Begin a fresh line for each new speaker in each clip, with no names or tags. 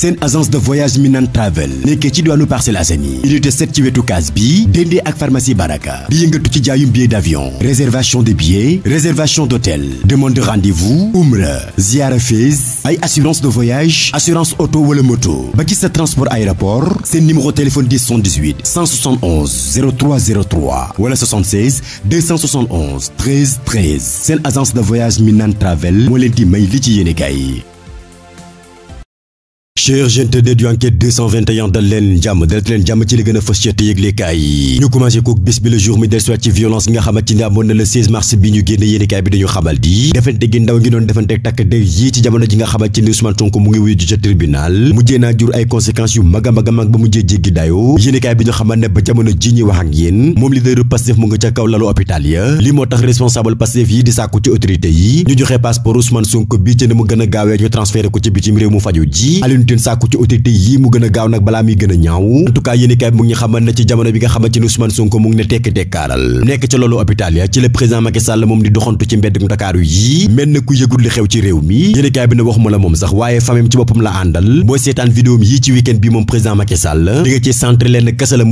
seen agence de voyage Minan Travel nekkee ci diwaanu Parcelles Assainies unité 7 ci wetu kaas bi dendee ak pharmacie Baraka bi yëngatu ci jaayum billet d'avion réservation de billets réservation d'hôtel demande de rendez-vous umra a Fès ay assurance de voyage assurance oto wala moto ba ci sa transport aéroport seen numéro téléphone 10 78 171 0303 wala 76 271 13 13 seen agence de voyage Minan Travel moo leen di may li ci yéene kaay cher gentede du enquête 221 dal leen jàmm dalet leen jàmm ci li gën a fës ci yëglekaay yi ñu commencé kook bis jour mi del soit ci violence gi nga xamante ni amoon na le mars bi ñu génn yéenekaay bi dañu xamal di defante gi ndaw ngi doon defante takk der yi ci jamono ji nga xamante ni Ousmane Sonko mu ngi wuyu ca tribunal mujjee naa jur ay conséquences yu mag a mag ba mujjee jéggi dayo yéenekaay bi ñu xamal ne ba jamono ji ñuy wax ak yéen moom Dione ci autorité yi mu gën a gaaw nag balaa muy gën a ñaaw en tout cas mu ngi xamal na ci jamono bi nga xamante ni Ousmane Sonko mu ngi ne tekk tekkaaral nekk ca loolu hôpital ya ci le président Macky moom di doxantu ci mbeddum Ndakaaru yi mel na ku yëgul li xew ci réew mi yéen bi ne waxuma la moom sax waaye famem ci boppam la àndal booy seetaan vidéo mi yii ci week bi moom président Macky Sall nga ci centré leen kese la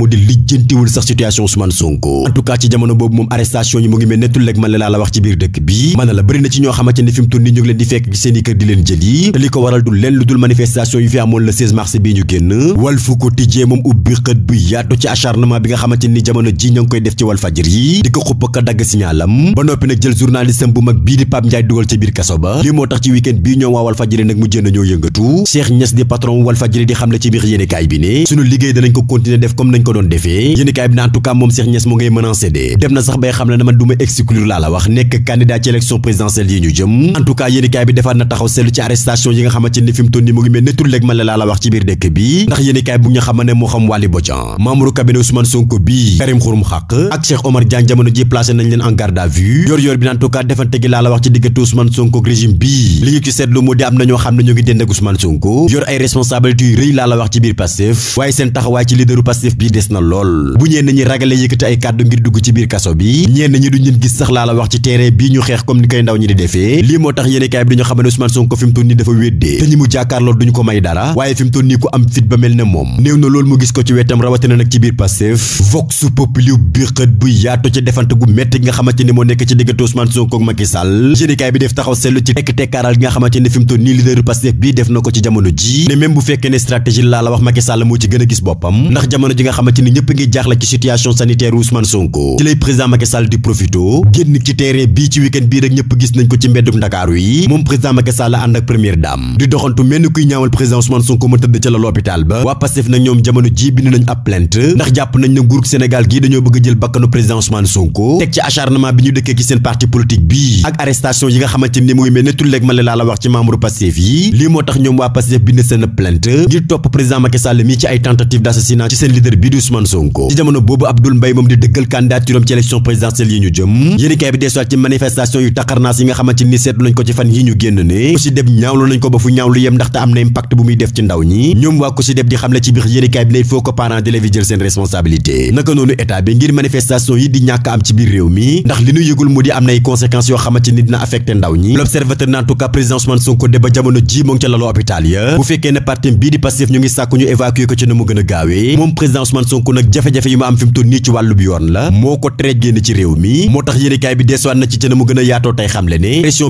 bi fi amoon le mars bi ñu génn Walf Quotidien moom ubbi xët bu yaatu ci acharnement bi nga xamante ni jamono ji ña ngi koy def ci Walfadjri di ko xupp ak dagg signalam ba noppi nag jël journaliste bu mag bii di Pape Ndiaye dugal ci biir kaso ba lii moo tax ci week-end ñoom waa Walfadjri nag mu jënd ñoo yëngatu Cheikh Niass di patron Walfadjri di xamle ci biir yéenekaay bi ne sunu liggéey danañ ko continuer def comme nañ ko doon de dëgmal moo xam Waly bi ñu xeex comme ni ndaw ñi di defee lii moo tax yéenekaay bi dañu xamal ne Ousmane Sonko fi dafa wéddee te ñi mu jàkkaarloo duñu ko may dara waaye fi mu toll nii ku am fit ba mel ne moom néew na loolu mu gis ko ci wetam rawatina nag ci biir Pastef vox populi bi xët bu yaatu ci defante gu metti moo nekk ci diggante Ousmane Sonko ak Macky Sall yéenekaay bi def gi nga xamante ni mu toll ci jamono ji Sonko ci lay président Macky di profito génn ci terrain bii ci week-end bii rek gis nañ ko ci mbeddum Ndakaaru yi moom président Macky ànd ak première dame di doxantu mel kuy ñaawal président Ousmane Sonko ma tëdd ca la l'hôpital ba waa Pastef nag ñoom jamono ji bind nañ ab plainte ndax jàpp nañ na nguurug Sénégal gii dañoo bëgg jël bakkanu président Ousmane Sonko teg ci acharnement bi ñu dëkkee ci seen parti politique bii ak arrestation yi nga xamante ni mu ngi mel ne tulleeg laa la wax ci membre Pastef yi lii moo tax ñoom waa Pastef bind seen plainte ngir topp président Macky Sall ci ay tentative d'assassinat ci seen leader bii di Ousmane Sonko muy def ci ndaw ñi ñoom waa COSYDEP di xamle ci biir yéenekaay bi ne il faut que parents seen responsabilité naka noonu état bi ngir manifestation yi di ñàkk am ci biir réew mi ndax li ñu yëgul mu di am nay conséquences ni dina ndaw ñi l'observateur en tout cas président Ousmane nag jafe-jafe yi mu am fi mu nii ci wàllu bi yoon la moo ko tere génn ci réew mi moo tax yéenekaay bi deesuwaat na ci ca na mu gën yaatoo tey xamle ne pression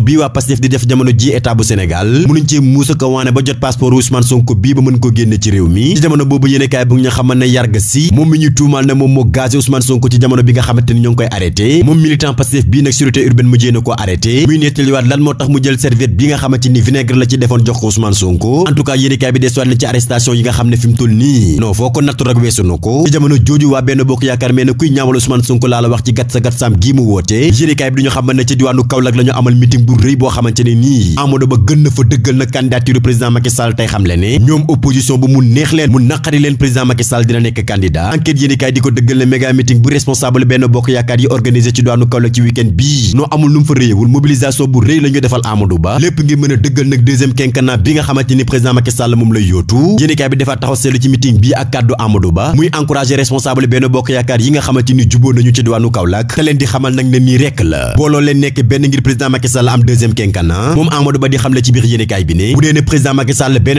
Ousmane Sonko bii ba mën ko génne ci réew mi ci jamono boobu yéenekaay bu nga xamal ne Yarga Sy moom mi ñu tuumaal ne moom moo gazé Ousmane Sonko ci jamono bi nga xamante ni ñoo ngi koy jox ko Ousmane Sonko en yéenekaay bi desuwaat na ci arrestation yi nga xam ne fi mu nii non foo ko nattu weesu na ko ci jamono jooju waa benn bokk yaakaar mee kuy ñaawal Ousmane Sonko laa wax ci gat sa gat saam gii mu woote yéenekaay bi duñu xamal ne ci diwaanu xamle ne ñoom opposition bu mu neex la ñu defal Amadou Ba lépp ngir a dëggal nag deuxième quinquennat bi nga xamante ni président Macky Sall moom bi ak kàddu Amadou Ba muy encouragé responsable benn bokk yaakaar yi nga xamante ni juboo nañu ci doonu Kaolack te leen di xamal nag ne nii rekk la booloo leen nekk benn ngir président Macky Sall am deuxième moom Amadou Ba di xamle ci biir yéen bi ne bu dee ne président Macky Sall benn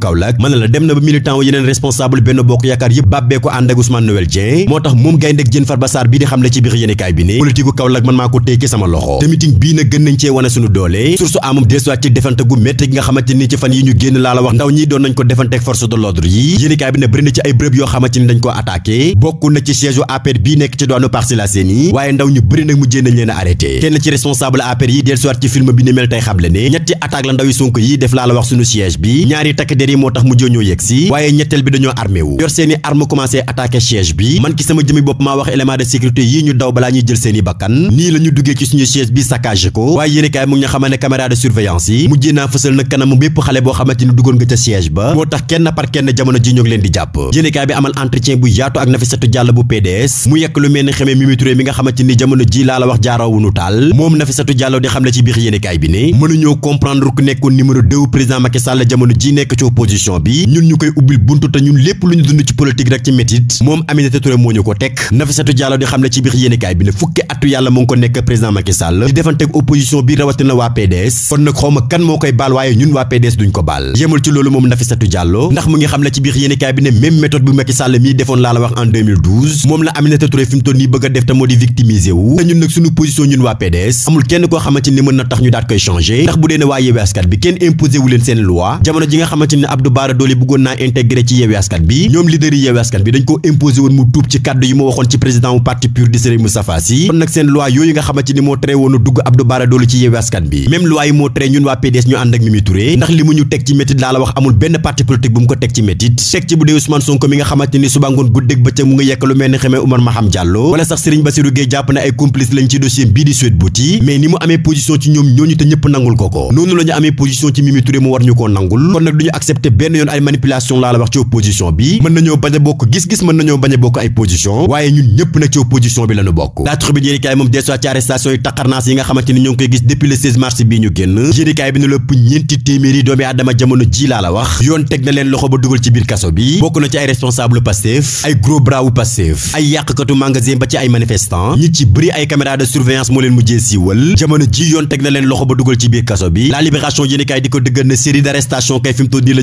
diwaanu la dem na ba militant wu yeneen responsable benn bokk yaakaar yëpp bàbbee ànd ak Ousmane Noël Dieng moo tax moom gaynde ak Diène Farba Sarr bii di xamle ne ci sama loxo bi ne bëri ci ay bërëb yoo xamante ni dañ ko attaqué bokk na ci siège u APR e nekk ci doonu Parcelles Assainies waaye ndaw ñu bëri nag mujjee nañ leen kenn ci responsable APR e yi dellusiwaat ci bi ñaari takk der yi moo tax mu jooñoo yegg si waaye ñetteel bi dañoo armé wu yor seen i arme commencé attaqué siège bi man ki sama jëmi bopp maa wax élément de sécurité yi ñu daw balaa ñuy jël seen bakkan nii la duggee ci suñu siège bi saccagé ko waaye yéen mu ngi xamal ne caméra de surveillance yi mujjee naa fësal nag kanam bépp xale boo xamante ni duggoon nga ca siège ba moo tax kenn par kenn jamono ji ñoo leen di jàpp yéen bi amal entretien bu yaatu ak Nafissatou opposition bi ñun ñu koy ubbil buntu te ñun lépp lu ñu dund ci politique rek ci métit moom Aminata Touré moo ñu ko teg Nafissatou Diallo di xam ne ci biir yéenekaay bi ne fukki atu bi rawatina mii defoon laa wax en moom la Aminata Touré fi mu nii bëgg def te moo di victimiser wu ñun nag suñu position ñun waa PDS amul kenn koo xamante ni mën na tax ñu daat koy changer ndax bu dee ne waa Yewwi bi kenn imposé leen seen loi jamono ji nga xamante ne Abdou ndax li mu ñu teg ci métit laa la wax amul benn parti politique bu mu ko teg ci métit teg ci bu dee Ousmane Sonko mi nga xamante ni suba ngoon bëccëg mu nga yekk lu mel ni xamee Oumar Maham Diallo wala sax Serigne Bassirou Gueye jàpp na ay complice lañ ci dossier bii di Sweet Beauty mais ni mu amee position ci ñoom ñooñu te ñëpp nangul ko ko noonu la amee position ci Mimi Touré mu war ñu koo nangul kon nag duñu accepté te benn yoon ay manipulation laa la wax ci opposition bi mën nañoo bañ a bokk gis-gis mën nañoo bañ a bokk ay position waaye ñun ñëpp nag ci opposition bi lañu bokk la tribune yéenekaay moom des ñu leen loxo ba dugal ci biir kaso bi bokk na ci ay responsable ay gros bras wu Pastef ay yàqkatu magasin ba ci mujjee siiwal jamono ji yoon teg na leen loxo ba dugal ci biir kaso bi la libération yéenekaay di ko dëggal ne série d'arrestation kay fi nii la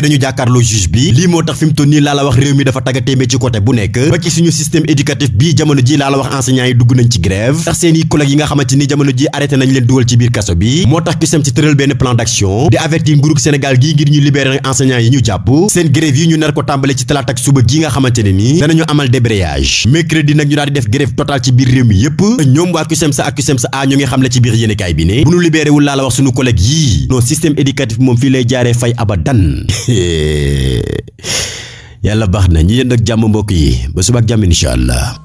defee dañu moo tax fi mu nii laa la wax réew mi dafa tagga téemé ci côté bu nekk ba suñu système éducatif bi jamono ji laa la wax enseignants yi dugg nañ ci grève ndax seeni collègues yi nga xamante ni jamono ji arrêté nañ leen dugal ci biir kaso bi moo tax CUSEMS ci tëral benn plan d'action di avertir nguurug Sénégal gii ngir ñu libérer enseignants yi ñu jàpp seen grève yi ñu nar ko tàmbale ci talaata ak suba gi nga xamante ni danañu ñu daal yàlla baax na ñi yéen ak jàmm mbokk yi ba suba ak jàmm incha allah.